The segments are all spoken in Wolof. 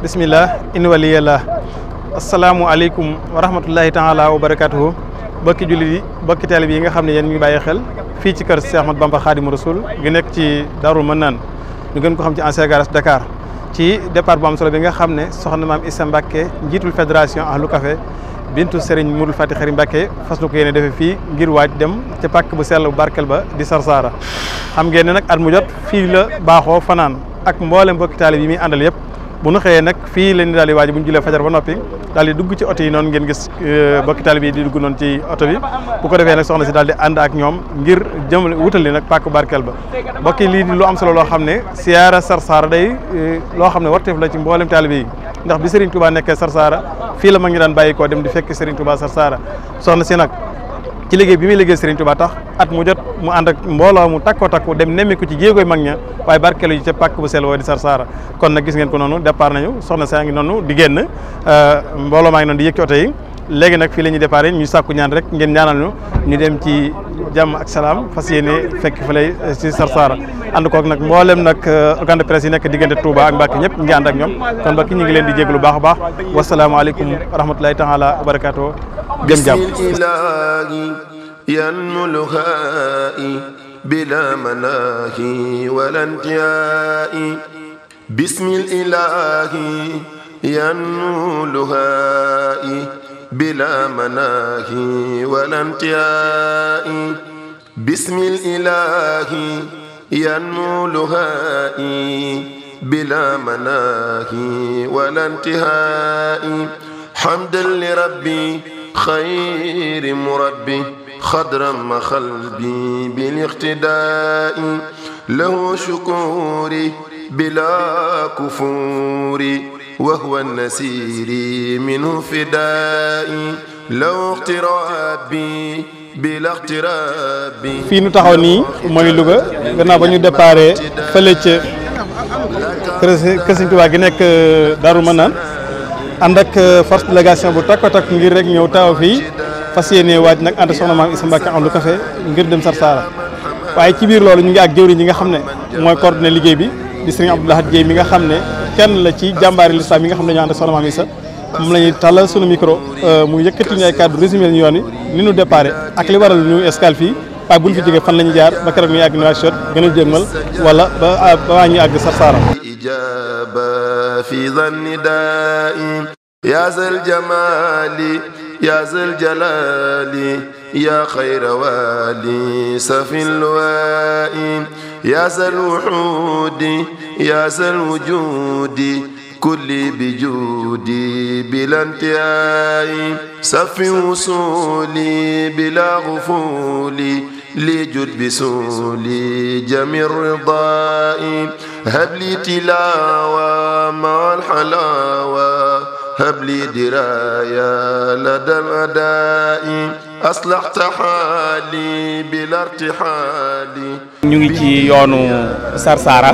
bismillah in waliyallah asalaamualeykum wa rahmatullahi taala wa barakatuhu bokki jullit yi bokki taalib yi nga xam ne yéen ñu bàyyi xel fii ci kër Cheikh Ahmadou Bamba Khadimu Rasul gi nekk ci Daarul Manaan nu gën ko xam ci ancien garage Dakar ci départ bu am solo bi nga xam ne soxna maam Issa Mbacke njiitul fédération Ahlu Café bintu Serigne Mourou Fati Xari Mbacke fas na ko yéene defee fii ngir waaj dem ca pàkk bu sell bu barkel ba di Sarsara xam ngeen ne nag at mu jot la baaxoo fanaan ak mboolem bokki taalib yi muy àndal yëpp bu nu xëyee nag fii leen ñu daal di waaj bu ñu julee fajar ba noppi daal di dugg ci oto yi noonu ngeen gis euh, bokki taalibe yi di dugg noonu ci oto bi bu ko defee nag soxna si daal di ànd ak ñoom ngir jëmale wutali nag pakk barkeel ba bokki lii di lu am solo loo xam ne siyaara Sarsara day euh, loo xam ne warteef la ci mboolem taalibe yi ndax bi Serigne Touba nekkee Sarsara fii la ma ngi daan bàyyi koo dem di fekk Serigne Touba Sarsara soxna si nag ci liggéey bi muy liggéey Serigne Touba tax at mu jot mu ànd mbooloo mu takko takku dem nemmiku ci jéegoy mag ña waaye barkeelu ji ca pàkk bu sel di Sarsara kon nag gis ngeen ko noonu départ nañu soxna saa ngi noonu di génn euh, mbooloo maa ngi noonu di yëg ci oto léegi nag fii la ñuy départ ñu sàkku ñaan rek ngeen ñaanal ñu ñu dem ci jàmm ak salaam fas yéene fekk fële euh, ci Sarsara ànd koog nag mboolem nag euh, organe de presse yi nekk diggante Touba ak Mbacke ñëpp ngi ànd ñoom kon Mbacke ñu ngi leen di jéglu baax a baax wasalaamaaleykum wa rahmatulahi taala wa barakaatu dem jàmm ينمو الهائي بلا مناهي ولا انتهاء بسم الإله ينمو الهائي بلا مناهي ولا انتهاء بسم الإله ينمو الهائي بلا مناهي ولا انتهاء حمدا لربي خير مربي خضرا مخلبي بالاقتداء له شكوري بلا كفور وهو النسير منه فدائي لو اقترابي بلا اقترابي fii nu taxaw nii mooy Louga gannaaw ba ñu déparé fële ca kër Sëriñ Tuubaa gi nekk euh, Daaru Manaan ànd ak euh, force délégation bu takk takk ngir rek ñëw taaw fii fas yéene waaj nag ànd soxna maam Issa Mbacke am lu café ngir dem Sarsara waaye ci biir loolu ñu ngi ak jëwriñ ñi nga xam ne mooy coordonné liggéey bi di sëriñ Abdou Lahad nga xam ne kenn la ci jàmbaari sax mi nga xam ne ñoo ànd ak soxna maam Issa moom la ñuy tàllal sunu micro euh, mu yëkkati ñu ay kàddu résumé ñu yoon yi ni ñu déparé ak li waral ñu escale fii waaye bu ñu fan la jaar ba keroog ñu àgg Nouakchott shot a jëmmal wala ba ba waa ñu ijaba fi zanni da'i ya zal jamali ya zal jalali ya khayra wali safil ya zal wuhudi ya kulli bi bila intihaai safi wusuuli bila gufuuli لجد بسولي جميع الرضاء هب لي تلاوة مع الحلاوة هب لي دراية لدى الأداء أصلحت حالي بلا ارتحالي ñu ngi ci yoonu Sarsara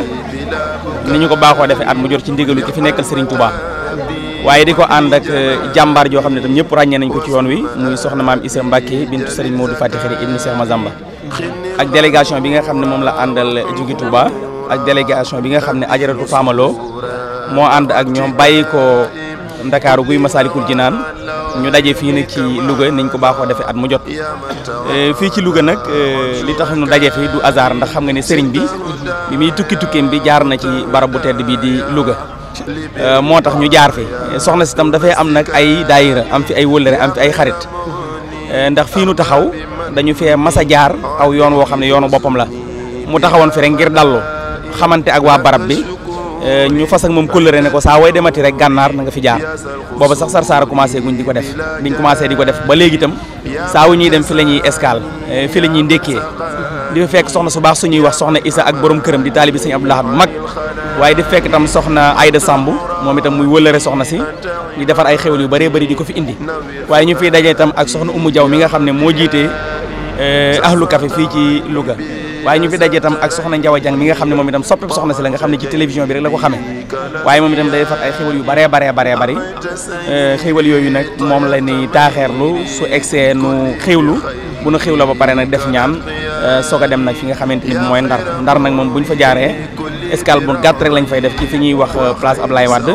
ni ñu ko baaxoo defee at mu jot ci ndigalu ki fi nekkal Serigne Touba waaye di ko ànd ak eh, jàmbaar joo xam ne tam ñëpp ràññee nañ ko ci yoon wi muy soxna maam Issa Mbacke bintu Serigne Modou Fati Xari ibnu Cheikh Mazamba ak délégation bi nga xam ne moom la àndal jóge Touba ak délégation bi nga xam ne ajaratu Famaloo moo ànd ak ñoom bàyyi ko Ndakaaru guy Masaalikul naan ñu daje fii nag ci Louga niñ ko baaxoo defee at mu jot eh, fii ci Louga nag eh, li tax ñu daje fi du hasard ndax xam nga ne sëriñ bi bi muy tukki tukkeem bi jaar na ci barab bu tedd bi di luga Euh, moo tax ñu jaar fi soxna si tam dafay am nag ay daayira am fi ay wëllëre am fi ay xarit euh, ndax fii nu taxaw dañu fee mas a jaar aw yoon woo xam ne yoonu boppam la mu taxawoon fi rek ngir dallu xamante ak waa barab bi euh, ñu fas ak moom kóllëre ne ko saa way demati rek gànnaar na nga fi jaar booba sax Sar Sara commencé guñ di ko def biñ commencé di ko def ba léegi itam saa wu ñuy dem fi la ñuy escale fi la ñuy ndékkee di fekk soxna su baax ñuy wax soxna Isa ak borom këram di taalibi sëñ Abdoulaye mag waaye di fekk itam soxna Aïda Samb moom itam muy wëlëre soxna si ñu defar ay xewal yu bëree bëri di ko fi indi waaye ñu fiy dajee itam ak soxna Umu Jaw mi nga xam ne moo jiitee eh, ahlu café fii ci Louga waaye ñu fi dajee itam ak soxna Njaw Jang mi nga xam ne moom itam soppeb soxna si la nga xam ne ci télévision bi ko xamee waaye moom itam day defar ay xewal yu baree baree baree bari eh, xewal yooyu nag moom la ni taaxeerlu su egsee nu xewlu bu nu xewla ba pare nag def ñaan eh, soo a dem nag fi nga xamante ni mooy ndar ndar nag moom buñ fa jaaree escale bu gàtt rek lañ fay def ci fi ñuy wax euh, place Ablaye Wade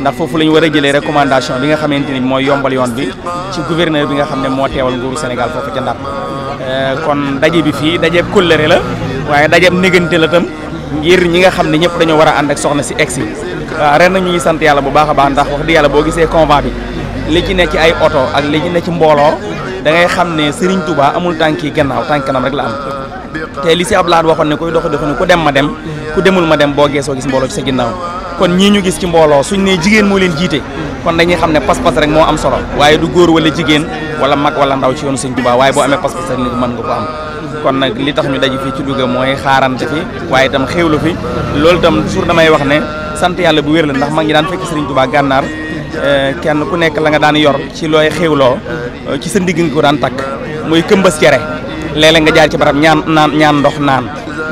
ndax foofu la ñu war a jëlee recommandation bi nga xamante ni mooy yombal yoon bi ci gouverneur bi nga xam ne moo teewal nguuru Sénégal foofu ca Ndar euh, kon daje bi fii dajeeb kóllëre la waaye dajeeb négante la tam ngir ñi nga xam ne ñëpp dañoo war a ànd ak soxna si egsi waaw ren ñu ngi sant yàlla bu baax a baax ndax wax dëgg yàlla boo gisee convent bi li ci ne ci ay oto ak li ci ne ci mbooloo da ngay xam ne Serigne Touba amul tànki gannaaw tànk kanam rek la am te li si Abdoulaye waxoon ne koy dox dox ne ku dem ma dem ku demul ma dem boo geesoo gis mbooloo ci sa ginnaaw kon ñii ñu gis ci mbooloo suñ ne jigéen moo leen jiite kon dañuy xam ne pas-pas rek moo am solo waaye du góor wala jigéen wala mag wala ndaw ci yoonu Sëñ Tuubaa waaye boo amee pas-pas rek nit mën nga ko am kon nag li tax ñu daje fii ci dugg mooy xaarante fi waaye itam xéewlu fi loolu itam toujours damay wax ne sant yàlla bu wér la ndax mag ñi daan fekk Sëriñ Tuubaa gànnaar eh, kenn ku nekk la nga daan yor ci looy xéewloo eh, ci sa ndigg ko daan takk muy këmbas cere léeg nga jaar ci barab ñaan naan ñaan ndox naan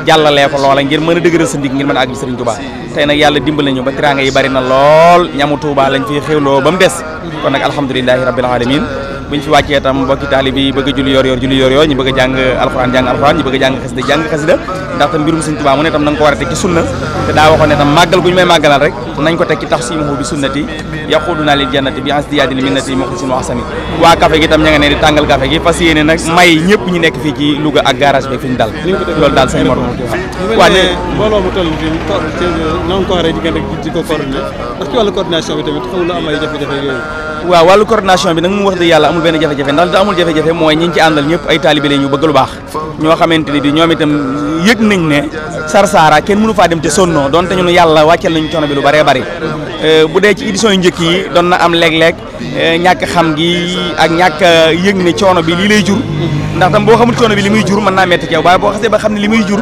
jàllalee ko loola ngir mën a dëgëral sa ndig ngir mën a àgg Serigne Touba tey nag yàlla dimbale ñu ba tiraanga yi bari na lool ñamu Touba lañ fiy xéwloo ba mu des kon nag alhamdulilahi rabbil alamin buñ fi wàccee tam mbokki taalib yi bëgg julli yor yor julli bëgg jàng alxuraan jàng alxuraan ñu bëgg jàng xasida jàng xasida ndax mbirum Sëñ Tuubaa mu ne tam na ko war a teg ci sunna te daa waxoon ne tam màggal gu ñu may màggalal rek nañ ko teg ci tax simahu bi sunnati yaquduna lil jannati bi ansdiyaadi li minnati muxlisin wa asami waa café gi tam ña nga di tàngal café gi fas yéene nag may ñëpp ñu nekk fii ci Louga ak garage bi fi waaw wàllu coordination bi nag mu wax yàlla amul benn jafe-jafe ndax li amul jafe-jafe mooy ñi ñu ci àndal ñëpp ay taalibe la ñu bëgg lu baax ñoo xamante ni bi ñoom itam yëg mënu faa dem te sonnoo donte ñu ne yàlla wàcceel nañu coono bi lu bëree bëri euh, bu dee ci édition yu njëkk yi doon na am léeg-léeg euh, ñàkk xam gi ak ñàkk yëg ne coono bi lii lay jur ndax tam boo xamul coono bi li muy jur mën naa metti ci yow waaye boo xasee ba xam ne li muy jur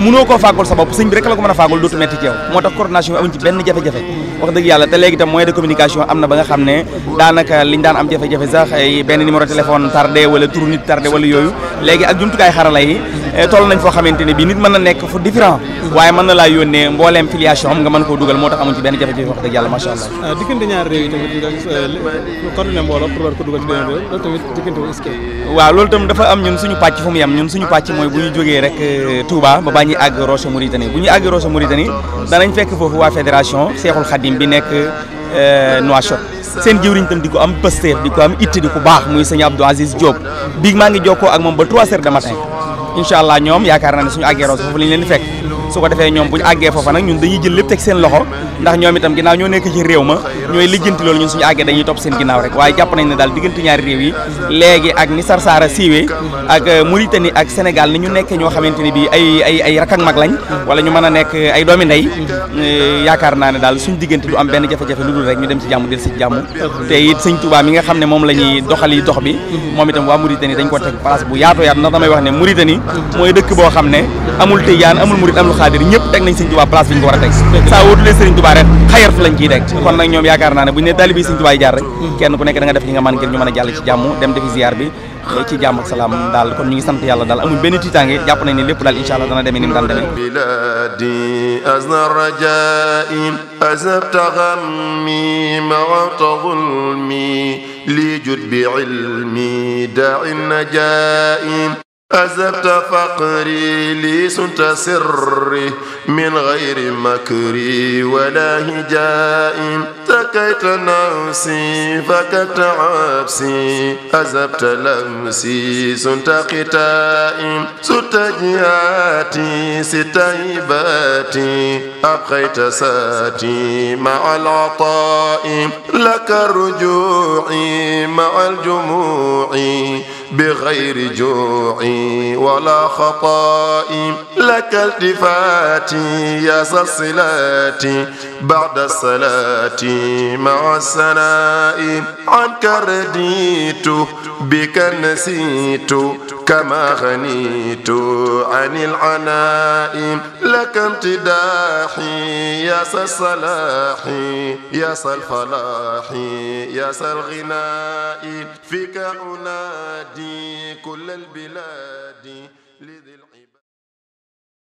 munoo ko fàggul sa bopp sëñ bi rek la ko mën a fàggul dootu metti ci yow moo tax coordination bi amuñ ci benn jafe-jafe wax dëgg yàlla te léegi itam moyen de am na ba nga xam ne daanaka liñ am jafe-jafe sax ay benn numéro téléphone tardé wala turu nit tardé yooyu léegi ak jumtukaay xarala yi eh, toll nañ foo xamante ne bii nit mën na nekk fu différent waaye mën na laa yónnee mbooleem filiation am nga mën koo dugal moo tax amuñ ci benn jafe-jafe wax dëgg yàlla ah, eh, am ñun suñu pàcc fu mu yem ñun suñu pàcc mooy bu ñu jógee rek eh, Touba balaa ñuy àgg Rosso Mauritanie bu ñuy àgg Rosso Mauritanie danañ fekk foofu waa fédération Seexul Xadim bi nekk euh, Nouakchott seen jëwriñ tam di ko am pasteur di ko am itti di ko baax muy sëñ Abdou Aziz Diop bii maa ngi jokkoo ak moom ba 3 heures de matin incha allah ñoom yaakaar naa ne suñu àggee Rosso foofu lañ leen fekk su ko defee ñoom bu ñu àggee foofa nag ñu dañuy jël lépp teg seen loxo ndax ñoom itam ginnaaw ñoo nekk ci réew ma ñooy lijjanti loolu ñun suñu àggee dañuy topp seen ginnaaw rek waaye jàpp nañ ne daal diggante ñaari réew yi léegi ak ni Sarsara ak Mauritanie ak Sénégal ni ñu nekkee ñoo xamante ni bi ay ay ay rakk ak mag lañ wala ñu mën a nekk ay doomi ndey yaakaar naa ne daal suñu diggante du am benn jafe-jafe lu dul ñu dem ci jàmm del ci nga xam ne moom la ñuy doxali dox bi moom itam waa Mauritanie dañ ko teg place bu yaatu yaatu ndax damay wax ne Mauritanie mooy dëkk boo xam ne amul tijaan amul murit amul xaadir ñëpp teg nañ sëñ Tuubaa place bi ñu ko war a teg saa wóotulee sëriñ Tuubaa rek xayar fu lañ ciy teg kon nag ñoom yaakaar naa ne buñ ne taalibe yi sëñ jaar rek kenn ku nekk da nga def li nga ñu mën a jàll ci jàmm dem defi ziar bi eh, ci jàmm ak salaam daal kon ñu ngi sant daal amuñ benn tiitaange jàpp nañ ne lépp daal incha allah dana demee ni mu daan demee biladi azna rajai azabta ghammi mawata zulmi li jud bi ilmi da'in najai أذهبت فقري لي سنت سري من غير مكري ولا هجاء تكيت نفسي فكت عبسي أذهبت لمسي سنت قتائي سنت جهاتي ست هباتي أبقيت ساتي مع العطاء لك رجوعي مع الجموع بغير جوع ولا خطاء لك التفاتي يا صلاتي بعد الصلاة مع السناء عنك رديت بك نسيت كما غنيت عن العناء لك امتداحي يا صلاحي يا الفلاح يا الغناء فيك أنادي fi kull al biladi